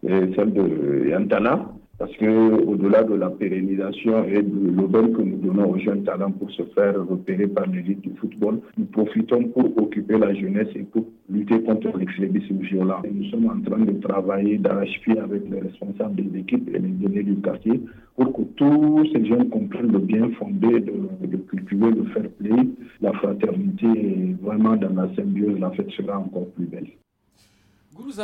et euh, celle de Yantala. Parce que au-delà de la pérennisation et de l'aubaine que nous donnons aux jeunes talents pour se faire repérer par l'élite du football, nous profitons pour occuper la jeunesse et pour lutter contre l'extrémisme violent. Et nous sommes en train de travailler d'arrache-pied avec les responsables des équipes et les données du quartier pour que tous ces jeunes comprennent le bien fondé de, de cultiver de fair play, la fraternité et vraiment dans la symbiose, la fête sera encore plus belle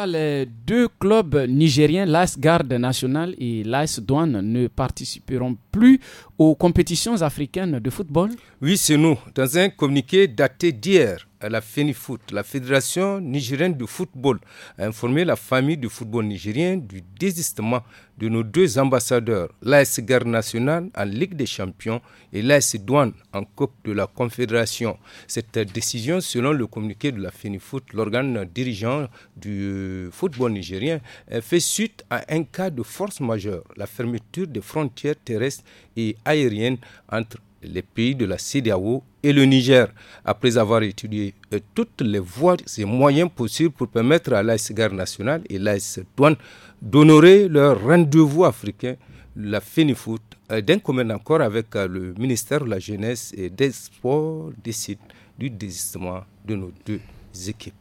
les deux clubs nigériens, l'AS Garde Nationale et l'AS Douane, ne participeront plus aux compétitions africaines de football Oui, c'est nous. Dans un communiqué daté d'hier, la FENIFOOT, la Fédération nigérienne de football, a informé la famille du football nigérien du désistement de nos deux ambassadeurs, l'AS Garde nationale en Ligue des champions et l'AS Douane en Coupe de la Confédération. Cette décision, selon le communiqué de la FENIFOOT, l'organe dirigeant du football nigérien, fait suite à un cas de force majeure, la fermeture des frontières terrestres et aérienne entre les pays de la CDAO et le Niger, après avoir étudié euh, toutes les voies et moyens possibles pour permettre à l'AS Gare nationale et l'AS Douane d'honorer leur rendez-vous africain, la FENIFOOT, euh, d'un commun accord avec euh, le ministère de la Jeunesse et des Sports décide du désistement de nos deux équipes.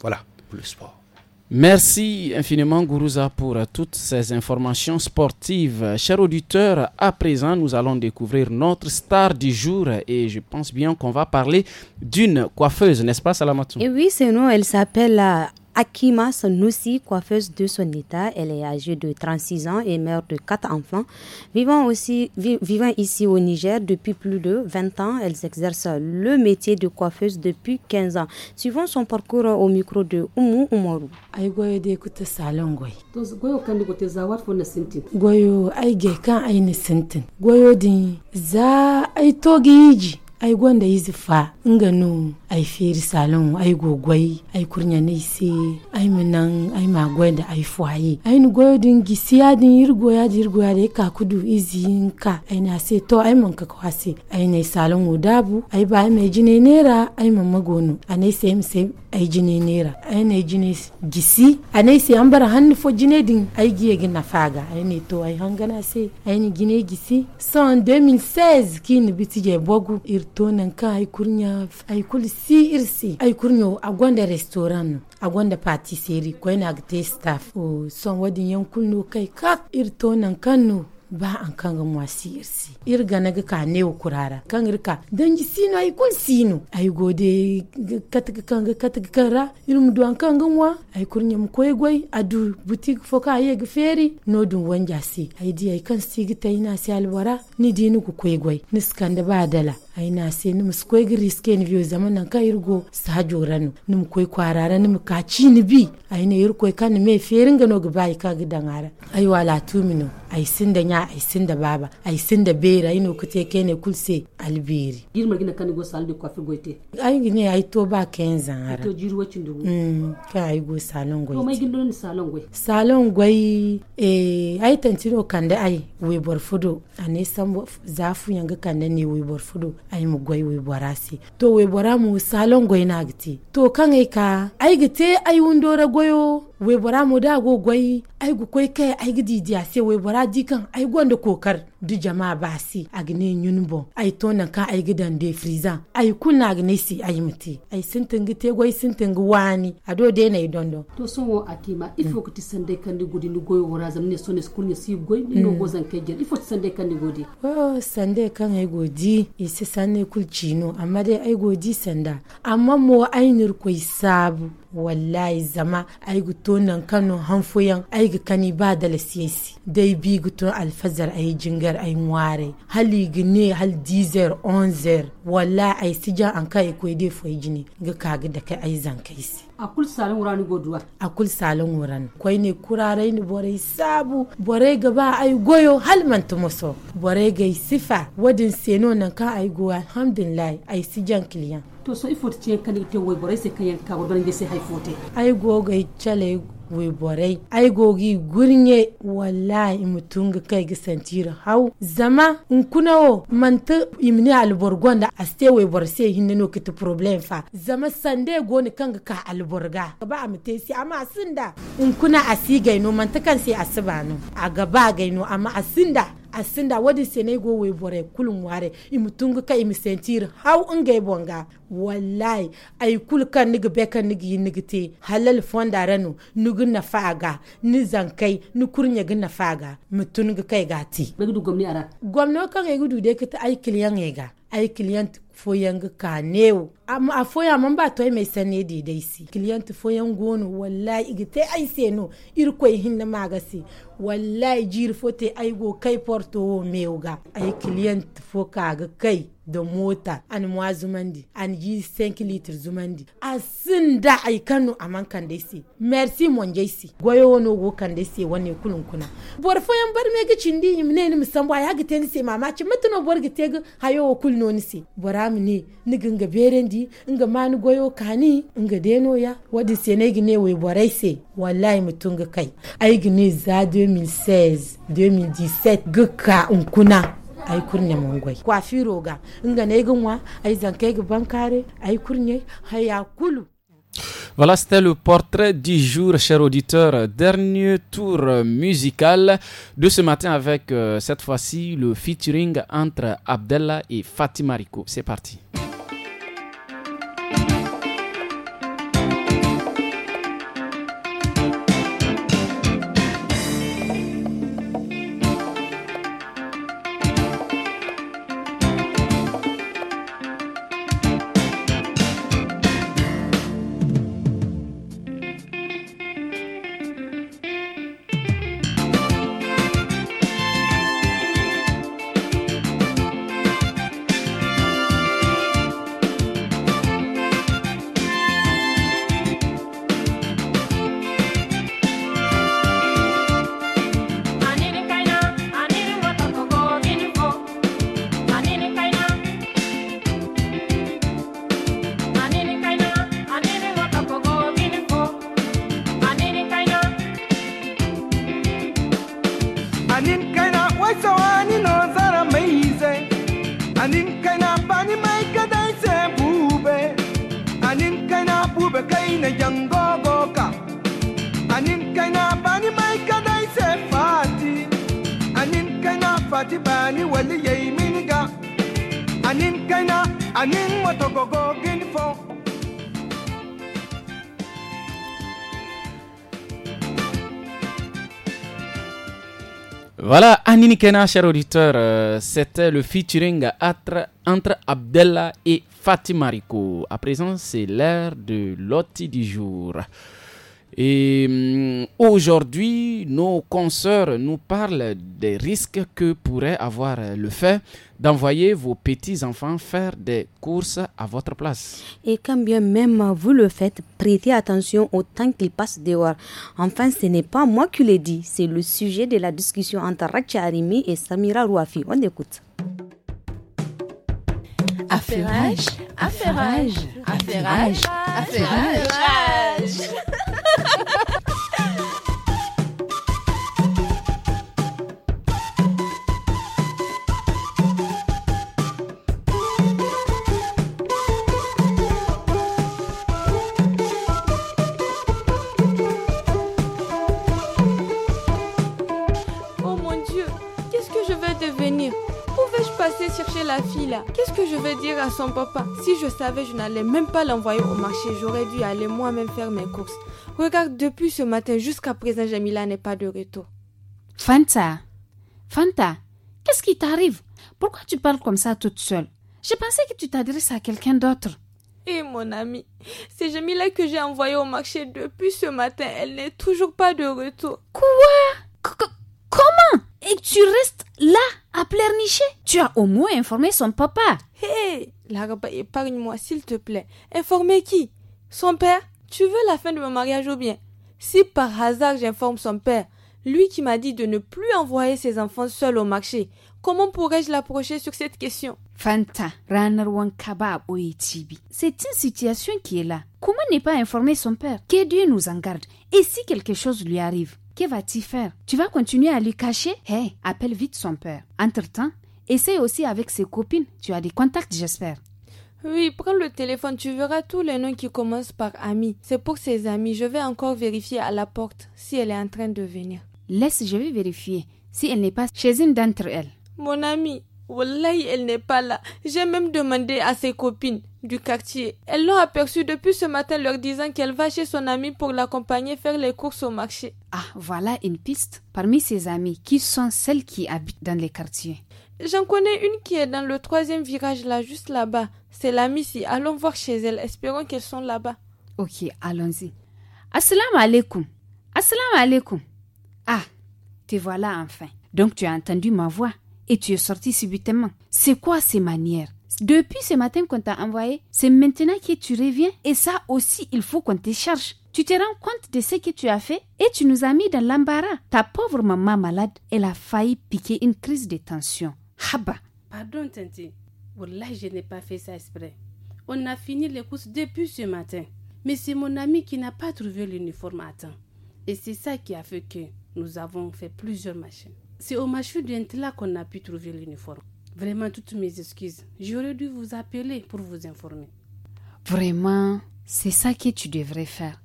Voilà pour le sport. Merci infiniment Gourouza pour toutes ces informations sportives. Chers auditeurs, à présent nous allons découvrir notre star du jour et je pense bien qu'on va parler d'une coiffeuse, n'est-ce pas Salamatou Eh oui, c'est nous, elle s'appelle euh, Akima Sanoussi, coiffeuse de son état. Elle est âgée de 36 ans et mère de quatre enfants. Vivant, aussi, vivant ici au Niger depuis plus de 20 ans, elle exerce le métier de coiffeuse depuis 15 ans. Suivant son parcours au micro de Oumu Oumaru. za ai gwanda yi zifa nga no ai feri salon ai gogwai ai kurnya ne se ai minan ai ma da ai fuaye ai ni goyo din gisiya din yirgo ya jirgo ya da ka kudu izi ka ai na se to ai man ka kwase ai ne salon udabu ai ba mai jine nera ai man magono anai sai sai ay jine nera ay ne jine gisi anai sai an bar hannu fo jine din ay giye gina faga ay ne to ay hangana se ay ne gine gisi son 2016 kin biti je bogu irto nan ka ay kurnya ay kul si irsi ay kurnyo agonda restaurant agonda patisserie ko ina gte staff o son wadin yankun no kai kak irto nan kanu ba an kanga mwasi irsi irga na ka ne kurara kan irka dangi sino ay kul sino ayi gode katga kanga katga kara ilmu do an kanga mwa ay kurnya mu koy goy adu butik foka ay ga feri no dun wanja si ay di ay kan sigi tayna si albara ni dinu ku koy ni niskanda ba dala aina se ni muskoi giri ske ni biyo zaman nan ka irgo sajo ranu ni mu koi kwarara ni mu kaci ni bi aina irko kan ni me ferin ga no ga bai ka ga dangara ai wala tumino ai sin da nya ai sin da baba ai sin da bera ai no kute ke ne kulse albiri girma gina kan go sal de kwafi goite ai gine ai to ba ken zanara to jiru wacin dubu mm ka e, ai go salon goi to mai gindo ni salon goi salon goi eh ai tantino kan da ai we borfudo ane sambo zafu yanga Kande da ne we borfudo ayi mu gwai we bora si to we bora mu salon gwai na gti to kan ka ayi gte ayi undora goyo webora mu da go gwai ai gu koi kai ai gidi dia se webora dikan ai gonda kokar du jama'a ba si agne nyunbo ai tonan ka ai gidan de friza ai kuna agne si ai muti ai sintingi te gwai sintingi wani ado de na dondo to so wo akima il faut que tu sande kan di gudi ni goy wora zam ne ne school ne si goy ni no mm. go zan kai il faut tu sande kan di gudi oh sande kan ai godi isi sanne kulcino amma dai ai godi sanda amma mo ai nir koi sabu wallahi zama ay nan kano hanfoyan ga kani ba da lasiyasi dai bi guton alfazar ai jingar ai ware hali gine hal dizer onzer wallahi ai sijan an kai ko dai foyi jini ga kaga da kai ay zankaisi a kul salin wurani goduwa kul salin wurani kwai ne kurarai ni borai sabu borai gaba ba ai goyo halmanta muso borai ga sifa wadin seno nan ka ai gowa alhamdulillah ai si jan kiliyan to so ifot ce kan ite wai borai se kayan ka wadon ge se haifote ai go ga chale wai ai gogi gurnye wallahi mutum ga kai ga santira hau zama in kunawo manta imni alborgon da aste wai sai hinne no kitu problem fa zama sande goni kanga ka alborga ba a mutai si amma asinda in kuna asi gaino manta kan sai asibano a gaba gaino amma asinda asinda wadi sene go we bore kulun ware imutungu ka imisentir haw ngai bonga wallahi ay kul kan nigi be kan nigi nigi te halal fonda ranu nugu na faga ni zankai ni kurnya gi na faga mutungu kai gati gwamnati kan ngai gudu de kita ay kiliyan ega ga ay client foyang ka new am a foya man ba toy mai sanne de dai si client foyan gono wallahi igite ai se no ir ko hin na magasi wallahi jir fote ai go kai porto meuga ai client fo kaga ga kai da mota an mwa zumandi an yi 5 litre zumandi a da kanu aman kan merci mon jaisi goyo wono go kan kulun kuna bor foyan bar me ga cindi ni ya mama ci mutuno bor hayo kul no ni se boram ne ni berendi nga kani nga ya wadi se ne we borai se wallahi kai za 2016 2017 unkuna voilà, c'était le portrait du jour, cher auditeur. Dernier tour musical de ce matin avec euh, cette fois-ci le featuring entre Abdella et Fatima Rico. C'est parti. Cher chers auditeurs, euh, c'était le featuring entre, entre Abdella et Fatima Rico. À présent, c'est l'heure de l'OTI du jour. Et hum, aujourd'hui, nos consoeurs nous parlent des risques que pourrait avoir le fait d'envoyer vos petits-enfants faire des courses à votre place. Et quand bien même vous le faites, prêtez attention au temps qu'ils passent dehors. Enfin, ce n'est pas moi qui l'ai dit, c'est le sujet de la discussion entre Racha Arimi et Samira Rouafi. On écoute. affairage, affairage, affairage. affairage. qu'est-ce que je vais dire à son papa Si je savais, je n'allais même pas l'envoyer au marché. J'aurais dû aller moi-même faire mes courses. Regarde, depuis ce matin jusqu'à présent, Jamila n'est pas de retour. Fanta, Fanta, qu'est-ce qui t'arrive Pourquoi tu parles comme ça toute seule J'ai pensé que tu t'adresses à quelqu'un d'autre. Et eh, mon ami, c'est Jamila que j'ai envoyé au marché depuis ce matin. Elle n'est toujours pas de retour. Quoi Comment Et tu restes là à pleurnicher. Tu as au moins informé son papa. Hé, hey, épargne-moi, s'il te plaît. Informer qui Son père Tu veux la fin de mon mariage ou bien Si par hasard j'informe son père, lui qui m'a dit de ne plus envoyer ses enfants seuls au marché, comment pourrais-je l'approcher sur cette question Fanta, C'est une situation qui est là. Comment ne pas informer son père Que Dieu nous en garde. Et si quelque chose lui arrive que vas-tu faire Tu vas continuer à lui cacher Hé, appelle vite son père. Entre-temps, essaie aussi avec ses copines. Tu as des contacts, j'espère. Oui, prends le téléphone, tu verras tous les noms qui commencent par ami. C'est pour ses amis. Je vais encore vérifier à la porte si elle est en train de venir. Laisse, je vais vérifier si elle n'est pas chez une d'entre elles. Mon ami, Wallahi, elle n'est pas là. J'ai même demandé à ses copines du quartier. Elles l'ont aperçue depuis ce matin leur disant qu'elle va chez son amie pour l'accompagner faire les courses au marché. Ah, voilà une piste. Parmi ses amies, qui sont celles qui habitent dans les quartiers J'en connais une qui est dans le troisième virage là, juste là-bas. C'est l'amie Allons voir chez elle. Espérons qu'elles sont là-bas. Ok, allons-y. Assalamu alaikum. Assalamu alaikum. Ah, te voilà enfin. Donc tu as entendu ma voix et tu es sorti subitement. C'est quoi ces manières Depuis ce matin qu'on t'a envoyé, c'est maintenant que tu reviens et ça aussi, il faut qu'on te charge. Tu te rends compte de ce que tu as fait et tu nous as mis dans l'embarras. Ta pauvre maman malade, elle a failli piquer une crise de tension. Haba. Pardon, Tinti. Voilà, je n'ai pas fait ça exprès. On a fini les courses depuis ce matin. Mais c'est mon ami qui n'a pas trouvé l'uniforme à temps. Et c'est ça qui a fait que nous avons fait plusieurs machines. C'est au machu d'Entla qu'on a pu trouver l'uniforme. Vraiment, toutes mes excuses. J'aurais dû vous appeler pour vous informer. Vraiment, c'est ça que tu devrais faire.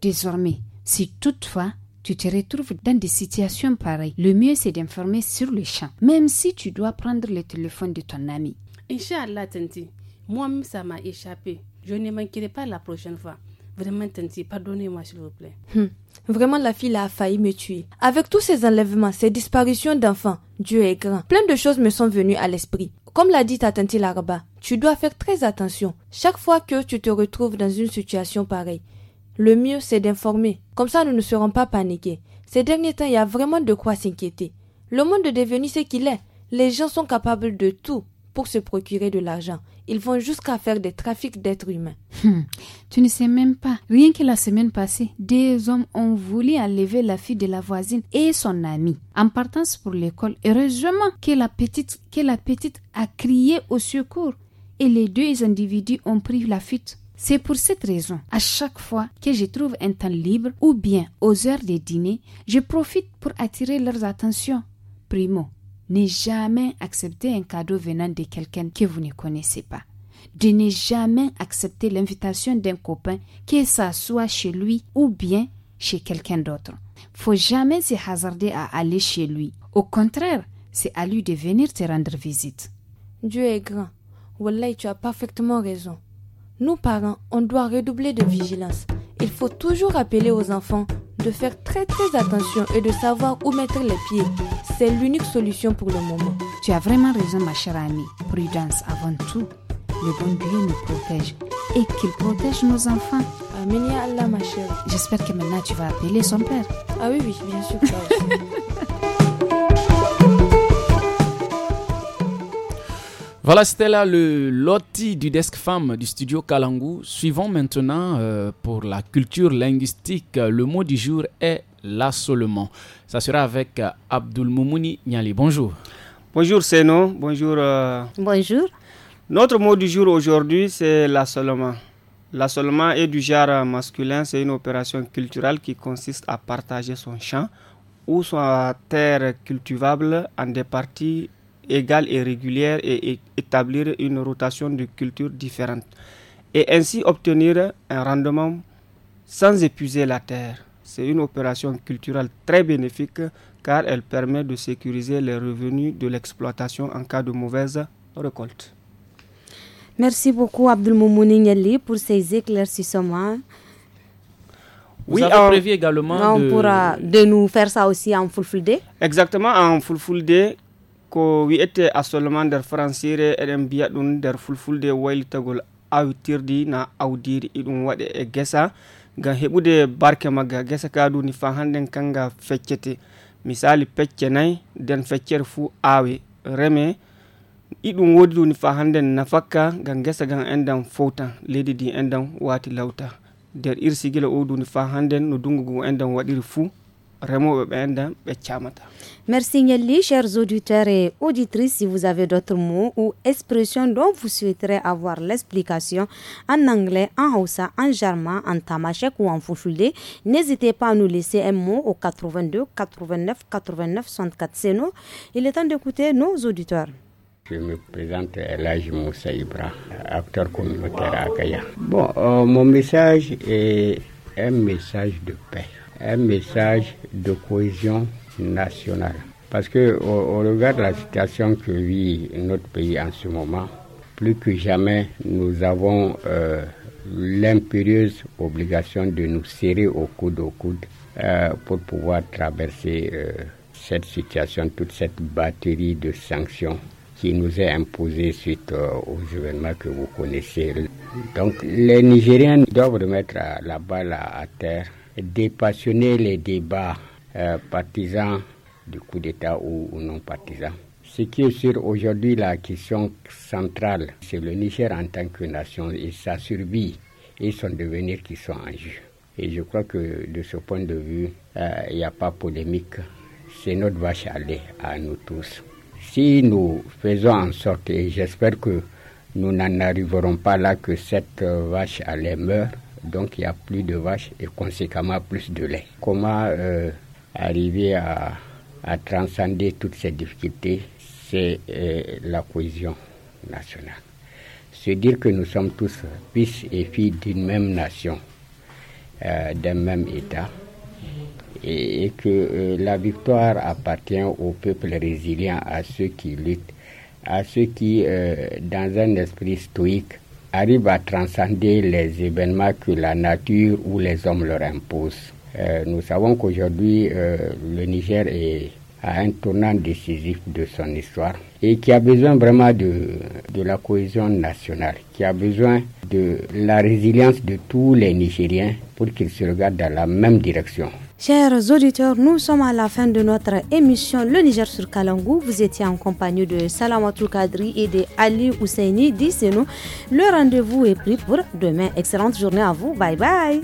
Désormais, si toutefois tu te retrouves dans des situations pareilles, le mieux c'est d'informer sur le champ, même si tu dois prendre le téléphone de ton ami. Inch'Allah, Tanti, moi-même ça m'a échappé. Je ne manquerai pas la prochaine fois. Vraiment, Tanti, pardonnez-moi, s'il vous plaît. Hmm. vraiment, la fille a failli me tuer. Avec tous ces enlèvements, ces disparitions d'enfants, Dieu est grand. Plein de choses me sont venues à l'esprit. Comme l'a dit ta tante Laraba, tu dois faire très attention. Chaque fois que tu te retrouves dans une situation pareille, le mieux c'est d'informer. Comme ça, nous ne serons pas paniqués. Ces derniers temps, il y a vraiment de quoi s'inquiéter. Le monde est devenu ce qu'il est. Les gens sont capables de tout pour se procurer de l'argent. Ils vont jusqu'à faire des trafics d'êtres humains. Hmm. tu ne sais même pas. Rien que la semaine passée, des hommes ont voulu enlever la fille de la voisine et son amie en partant pour l'école. Heureusement que la petite, que la petite a crié au secours et les deux individus ont pris la fuite. C'est pour cette raison, à chaque fois que je trouve un temps libre ou bien aux heures de dîner, je profite pour attirer leurs attentions. Primo, ne jamais accepter un cadeau venant de quelqu'un que vous ne connaissez pas, de ne jamais accepter l'invitation d'un copain, que ça soit chez lui ou bien chez quelqu'un d'autre. Faut jamais se hasarder à aller chez lui. Au contraire, c'est à lui de venir te rendre visite. Dieu est grand. Wallahi, tu as parfaitement raison. Nous, parents, on doit redoubler de vigilance. Il faut toujours appeler aux enfants de faire très très attention et de savoir où mettre les pieds. C'est l'unique solution pour le moment. Tu as vraiment raison, ma chère amie. Prudence avant tout. Le bon Dieu nous protège et qu'il protège nos enfants. Amen, Allah, ma chère. J'espère que maintenant tu vas appeler son père. Ah oui, oui, bien sûr. Voilà, c'était là le loti du desk femme du studio Kalangu. Suivons maintenant euh, pour la culture linguistique. Le mot du jour est l'assolement. Ça sera avec euh, Abdul Moumouni Niali. Bonjour. Bonjour Seno. Bonjour. Euh, Bonjour. Notre mot du jour aujourd'hui, c'est l'assolement. L'assolement est du genre masculin. C'est une opération culturelle qui consiste à partager son champ ou sa terre cultivable en des parties égale et régulière et établir une rotation de cultures différentes et ainsi obtenir un rendement sans épuiser la terre. C'est une opération culturelle très bénéfique car elle permet de sécuriser les revenus de l'exploitation en cas de mauvaise récolte. Merci beaucoup Abdul Moumouni pour ces éclaircissements. oui, avez prévu également. On de... pourra de nous faire ça aussi en full full Exactement, en full full day, ko wi'ete asolma nder francire eɗen mbiya ɗum nder fulfulde waylitagol awtirdi na awdiri iɗum e waɗe e gesa ngam heɓude barke magga gesa kaduni fa hannden kanga feccete misali pecce nayi nden feccere fuu de reme iɗum wodi duni fa hannden nafakka ngam gan endan fowtan leydi ndi endan waati lawta nder irsigila o de fa hannden no dungugu un waɗiri fuu merci Nelly, chers auditeurs et auditrices si vous avez d'autres mots ou expressions dont vous souhaiterez avoir l'explication en anglais en haussa, en jarma en tamashek ou en fouchoulé, n'hésitez pas à nous laisser un mot au 82 89 89 64 c'est il est temps d'écouter nos auditeurs Je me présente Elage Moussa Ibra, acteur communautaire à Kaya. Bon, euh, mon message est un message de paix un message de cohésion nationale. Parce que on regarde regard de la situation que vit notre pays en ce moment, plus que jamais, nous avons euh, l'impérieuse obligation de nous serrer au coude au coude euh, pour pouvoir traverser euh, cette situation, toute cette batterie de sanctions qui nous est imposée suite aux événements que vous connaissez. Donc les Nigériens doivent remettre la balle à terre dépassionner les débats euh, partisans du coup d'État ou, non partisans. Ce qui est sûr aujourd'hui, la question centrale, c'est le Niger en tant que nation et sa survie et son devenir qui sont en jeu. Et je crois que de ce point de vue, euh, il n'y a pas polémique. C'est notre vache à lait à nous tous. Si nous faisons en sorte, et j'espère que nous n'en arriverons pas là que cette vache à lait meure, donc il y a plus de vaches et conséquemment plus de lait. Comment euh, arriver à, transcender toutes ces difficultés C'est euh, la cohésion nationale. Se dire que nous sommes tous fils et filles d'une même nation, euh, d'un même État, et, et que la victoire appartient au peuple résilient, à ceux qui luttent, à ceux qui, dans un esprit stoïque, arrive à transcender les événements que la nature ou les hommes leur imposent. Euh, nous savons qu'aujourd'hui, euh, le Niger est à un tournant décisif de son histoire et qui a besoin vraiment de, de la cohésion nationale, qui a besoin de la résilience de tous les Nigériens pour qu'ils se regardent dans la même direction. Chers auditeurs, nous sommes à la fin de notre émission Le Niger sur Kalangou. Vous étiez en compagnie de Salamatou Kadri et de Ali Ousseini nous Le rendez-vous est pris pour demain. Excellente journée à vous. Bye bye.